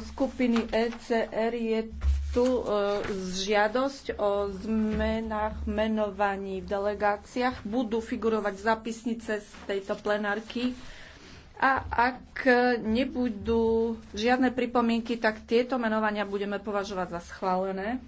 skupiny ECR je tu e, žiadosť o zmenách menovaní v delegáciách. Budú figurovať zapisnice z tejto plenárky a ak nebudú žiadne pripomienky, tak tieto menovania budeme považovať za schválené.